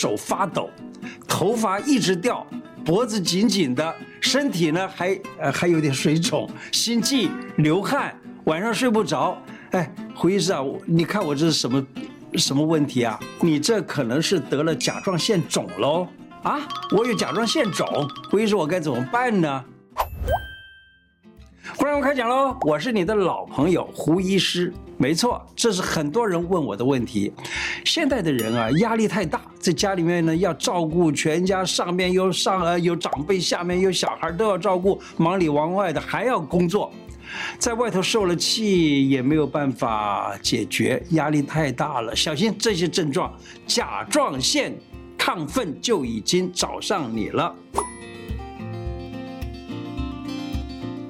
手發抖，頭髮一直掉，脖子緊緊的，身體呢還呃還有點水腫，心悸、流汗，晚上睡不着。哎，胡醫生啊，你看我這是什麼什麼問題啊？你這可能是得了甲狀腺腫嘍。啊，我有甲狀腺腫，胡醫生，我該怎麼辦呢？開講嘍！我是你的老朋友胡醫師，沒錯，這是很多人問我的問題。現代的人啊，壓力太大，在家裡面呢要照顧全家，上面有上呃有長輩，下面有小孩都要照顧，忙裡忙外的還要工作，在外頭受了氣也沒有辦法解決，壓力太大了，小心這些症狀，甲狀腺亢奮就已經找上你了。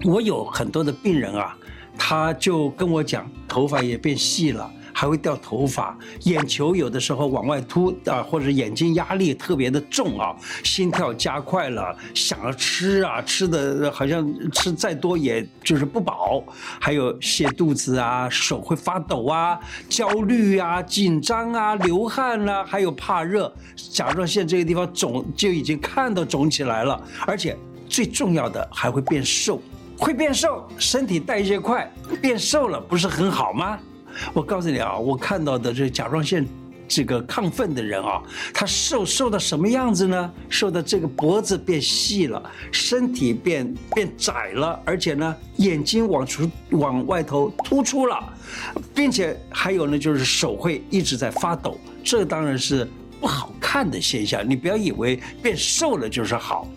我有很多的病人啊，他就跟我講，頭髮也變細了，還會掉頭髮，眼球有的時候往外凸啊、呃，或者眼睛壓力特別的重啊，心跳加快了，想要吃啊，吃的好像吃再多也就是不飽，還有瀉肚子啊，手會發抖啊，焦慮啊，緊張啊，流汗啊，還有怕熱，甲狀腺這個地方腫就已經看到腫起來了，而且最重要的還會變瘦。會變瘦，身體代謝快，變瘦了不是很好嗎？我告訴你啊，我看到的這甲狀腺這個亢奮的人啊，他瘦瘦到什麼樣子呢？瘦的這個脖子變細了，身體變變窄了，而且呢，眼睛往出往外頭突出了，並且還有呢，就是手會一直在發抖，這當然是不好看的現象。你不要以為變瘦了就是好。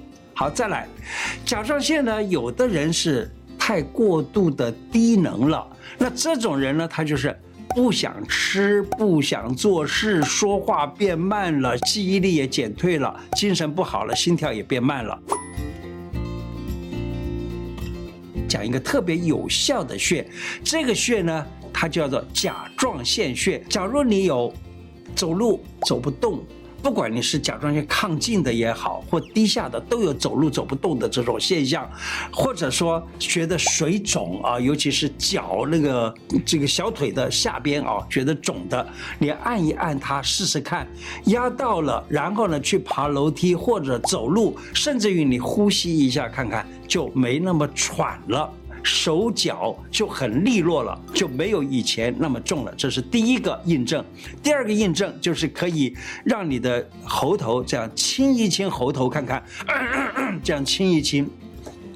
好，再來，甲狀腺呢？有的人是太過度的低能了，那這種人呢，他就是不想吃，不想做事，說話變慢了，記憶力也減退了，精神不好了，心跳也變慢了。講一個特別有效的穴，這個穴呢，它叫做甲狀腺穴。假如你有走路走不動。不管你是甲狀腺亢進的也好，或低下的，都有走路走不動的這種現象，或者說覺得水腫啊，尤其是腳那個這個小腿的下邊啊，覺得腫的，你按一按它試試看，壓到了，然後呢去爬樓梯或者走路，甚至於你呼吸一下看看，就沒那麼喘了。手腳就很利落了，就沒有以前那麼重了。這是第一個印證。第二個印證就是可以讓你的喉頭這樣清一清喉頭，看看，這樣清一清，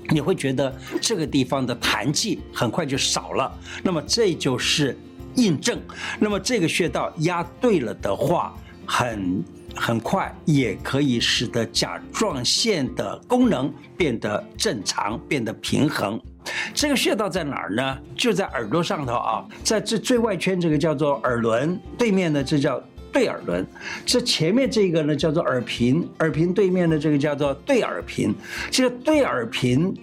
你會覺得這個地方的痰迹很快就少了。那麼這就是印證。那麼這個穴道壓對了的話，很很快也可以使得甲狀腺的功能變得正常，變得平衡。這個穴道在哪兒呢？就在耳朵上頭啊，在這最外圈這個叫做耳輪，對面的這叫對耳輪。這前面這個呢叫做耳屏，耳屏對面的這個叫做對耳屏。這個對耳屏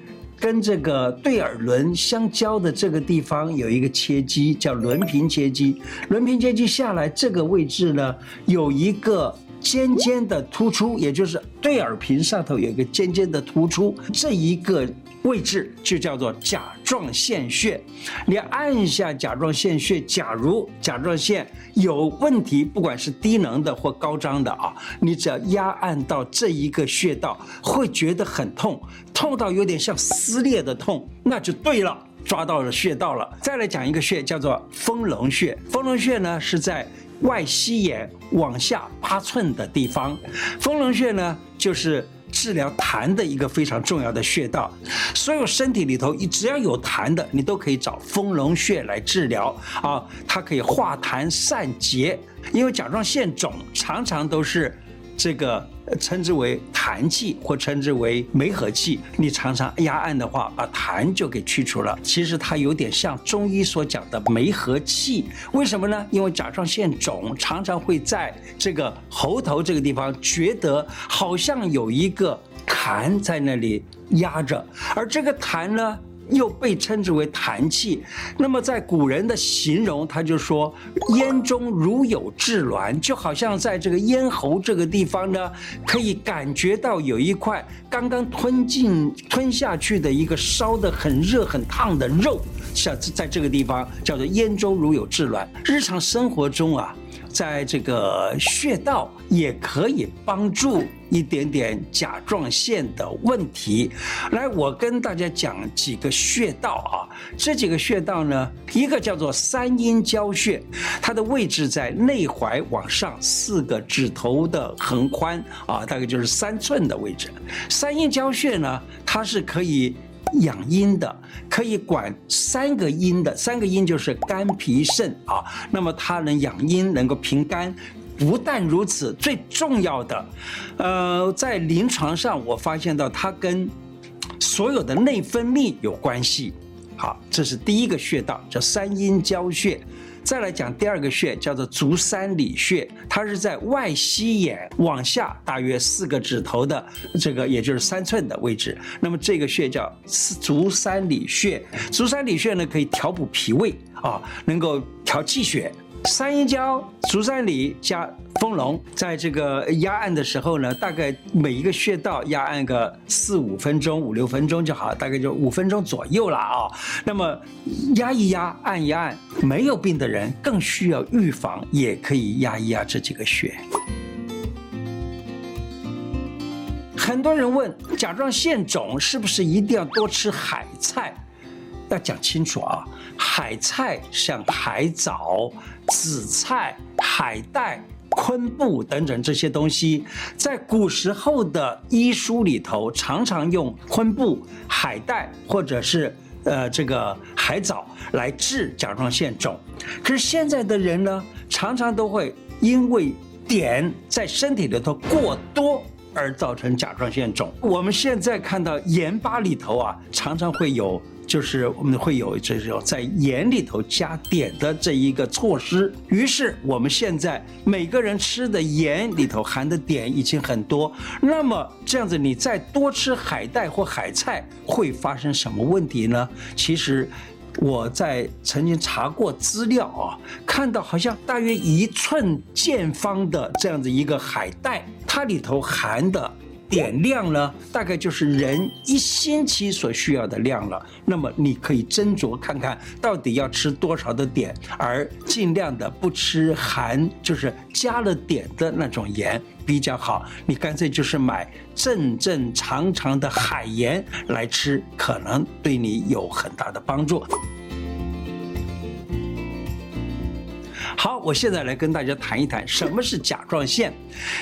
跟這個對耳輪相交的這個地方有一個切迹，叫輪屏切迹。輪屏切迹下來這個位置呢，有一個尖尖的突出，也就是對耳屏上頭有一個尖尖的突出，這一個。位置就叫做甲狀腺穴，你按一下甲狀腺穴，假如甲狀腺有問題，不管是低能的或高張的啊，你只要壓按到這一個穴道，會覺得很痛，痛到有點像撕裂的痛，那就對了，抓到了穴道了。再來講一個穴，叫做豐隆穴。豐隆穴呢是在外膝眼往下八寸的地方，豐隆穴呢就是。治療痰的一個非常重要的穴道，所有身體裡頭，你只要有痰的，你都可以找豐隆穴來治療啊，它可以化痰散結。因為甲狀腺腫常常都是這個。稱之為痰氣，或稱之為梅核氣。你常常壓按的話，把痰就給去除了。其實它有點像中醫所講的梅核氣，為什麼呢？因為甲狀腺腫常常會在這個喉頭這個地方，覺得好像有一個痰在那裡壓着，而這個痰呢。又被稱之為痰氣。那麼，在古人的形容，他就說，咽中如有炙臠，就好像在這個咽喉這個地方呢，可以感覺到有一塊剛剛吞進、吞下去的一個燒得很熱、很燙的肉。像在這個地方叫做“咽中如有炙臠”。日常生活中啊，在這個穴道也可以幫助一點點甲狀腺的問題。來，我跟大家講幾個穴道啊。這幾個穴道呢，一個叫做三陰交穴，它的位置在內踝往上四個指頭的橫寬啊，大概就是三寸的位置。三陰交穴呢，它是可以養陰的可以管三個陰的，三個陰就是肝脾腎啊。那麼它能養陰，能夠平肝。不但如此，最重要的，呃，在臨床上我發現到它跟所有的內分泌有關係。好，這是第一個穴道，叫三陰交穴。再來講第二個穴，叫做足三里穴，它是在外膝眼往下大約四個指頭的這個，也就是三寸的位置。那麼這個穴叫足三里穴，足三里穴呢，可以調補脾胃啊，能夠調氣血。三陰交、足三里加豐隆，在這個壓按的時候呢，大概每一個穴道壓按個四五分鐘、五六分鐘就好，大概就五分鐘左右了啊、哦。那麼壓一壓、按一按，沒有病的人更需要預防，也可以壓一壓這幾個穴。很多人問，甲狀腺腫是不是一定要多吃海菜？要講清楚啊，海菜像海藻、紫菜、海帶、昆布等等這些東西，在古時候的醫書裡頭，常常用昆布、海帶或者是呃這個海藻來治甲狀腺腫。可是現在的人呢，常常都會因為碘在身體裡頭過多。而造成甲狀腺腫。我們現在看到鹽巴裡頭啊，常常會有，就是我們會有這種在鹽裡頭加碘的這一個措施。於是我們現在每個人吃的鹽裡頭含的碘已經很多。那麼這樣子，你再多吃海帶或海菜，會發生什麼問題呢？其實。我在曾經查過資料啊，看到好像大約一寸見方的這樣子一個海帶，它裡頭含的。碘量呢，大概就是人一星期所需要的量了。那麼你可以斟酌看看到底要吃多少的碘，而盡量的不吃含就是加了碘的那種鹽比較好。你乾脆就是買正正常常的海鹽來吃，可能對你有很大的幫助。好。我現在來跟大家談一談什麼是甲狀腺。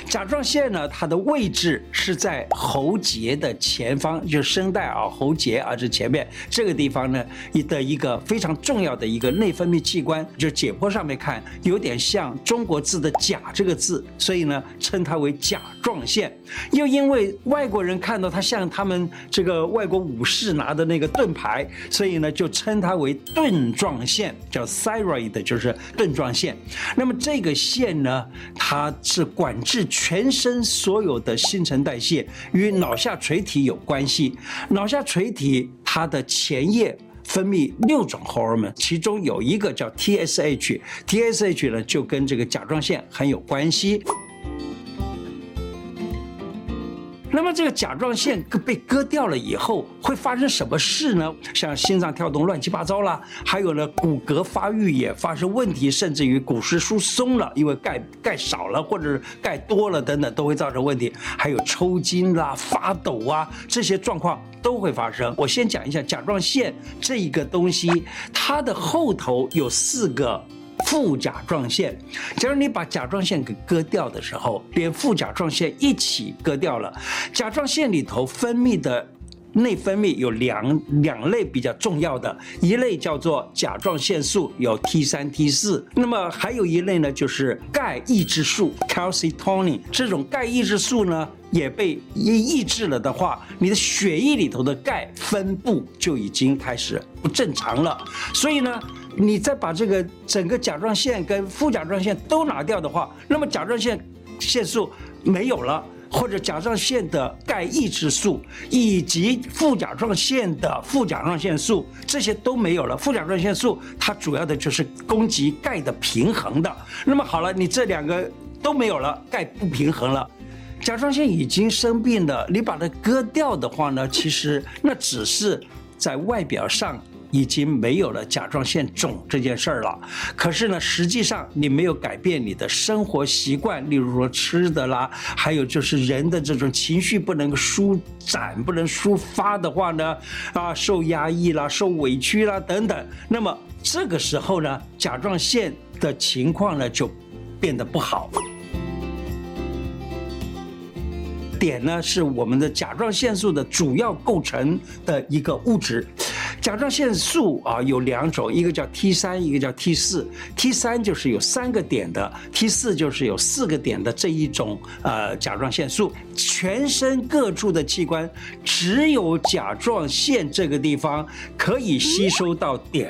甲狀腺呢，它的位置是在喉結的前方，就聲帶啊、喉結啊這前面這個地方呢，的一個非常重要的一個內分泌器官。就解剖上面看，有點像中國字的“甲”這個字，所以呢，稱它為甲狀腺。又因為外國人看到它像他們這個外國武士拿的那個盾牌，所以呢，就稱它為盾狀腺，叫 thyroid，就是盾狀腺。那麼這個腺呢，它是管制全身所有的新陳代謝，與腦下垂體有關係。腦下垂體它的前葉分泌六種荷爾蒙，其中有一個叫 TSH，TSH 呢，就跟這個甲狀腺很有關係。那麼這個甲狀腺被割掉了以後會發生什麼事呢？像心臟跳動亂七八糟啦，還有呢，骨骼發育也發生問題，甚至於骨質疏鬆了，因為鈣鈣少了或者是鈣多了等等都會造成問題，還有抽筋啦、啊、發抖啊這些狀況都會發生。我先講一下甲狀腺這一個東西，它的後頭有四個。副甲狀腺，假如你把甲狀腺給割掉的時候，連副甲狀腺一起割掉了。甲狀腺裡頭分泌的內分泌有兩兩類比較重要的，一類叫做甲狀腺素，有 T3、T4。那麼還有一類呢，就是鈣抑制素 （Calcitonin）。這種鈣抑制素呢，也被抑抑制了的話，你的血液裡頭的鈣分布就已經開始不正常了。所以呢。你再把這個整個甲狀腺跟副甲狀腺都拿掉的話，那麼甲狀腺腺素沒有了，或者甲狀腺的鈣抑制素以及副甲狀腺的副甲狀腺素這些都沒有了。副甲狀腺素它主要的就是供給鈣的平衡的。那麼好了，你這兩個都沒有了，鈣不平衡了。甲狀腺已經生病了，你把它割掉的話呢，其實那只是在外表上。已經沒有了甲狀腺腫這件事兒了，可是呢，實際上你沒有改變你的生活習慣，例如說吃的啦，還有就是人的這種情緒不能舒展、不能抒發的話呢，啊，受壓抑啦、受委屈啦等等，那麼這個時候呢，甲狀腺的情況呢就變得不好。碘呢是我們的甲狀腺素的主要構成的一個物質。甲狀腺素啊有兩種，一個叫 T3，一個叫 T4。T3 就是有三個碘的，T4 就是有四個碘的這一種呃甲狀腺素。全身各處的器官只有甲狀腺這個地方可以吸收到碘，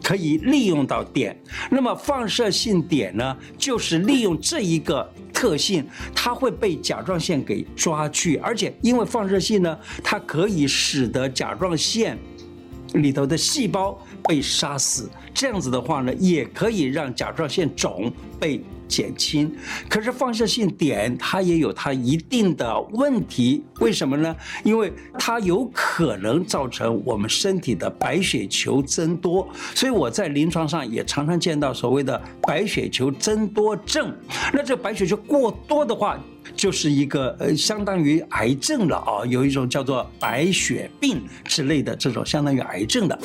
可以利用到碘。那麼放射性碘呢，就是利用這一個特性，它會被甲狀腺給抓去，而且因為放射性呢，它可以使得甲狀腺。裡頭的細胞被殺死，這樣子的話呢，也可以讓甲狀腺腫被減輕，可是放射性碘它也有它一定的問題，為什麼呢？因為它有可能造成我們身體的白血球增多，所以我在臨床上也常常見到所謂的白血球增多症。那這白血球過多的話，就是一個呃相當於癌症了啊、哦，有一種叫做白血病之類的這種相當於癌症的。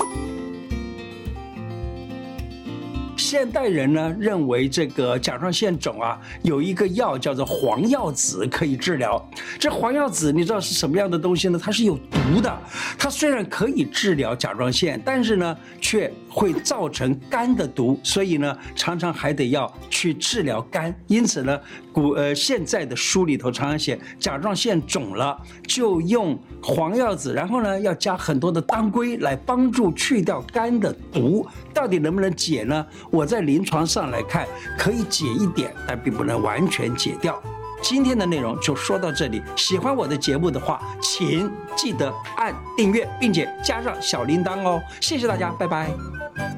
現代人呢，認為這個甲狀腺腫啊，有一個藥叫做黃藥子可以治療。這黃藥子你知道是什麼樣的東西呢？它是有毒的，它雖然可以治療甲狀腺，但是呢卻。會造成肝的毒，所以呢，常常還得要去治療肝。因此呢，古呃現在的書裡頭常常寫甲狀腺腫了就用黃藥子，然後呢要加很多的當歸來幫助去掉肝的毒。到底能不能解呢？我在臨床上來看，可以解一點，但並不能完全解掉。今天的內容就說到這裡。喜歡我的節目的話，請記得按訂閱，並且加上小鈴鐺哦。謝謝大家，拜拜。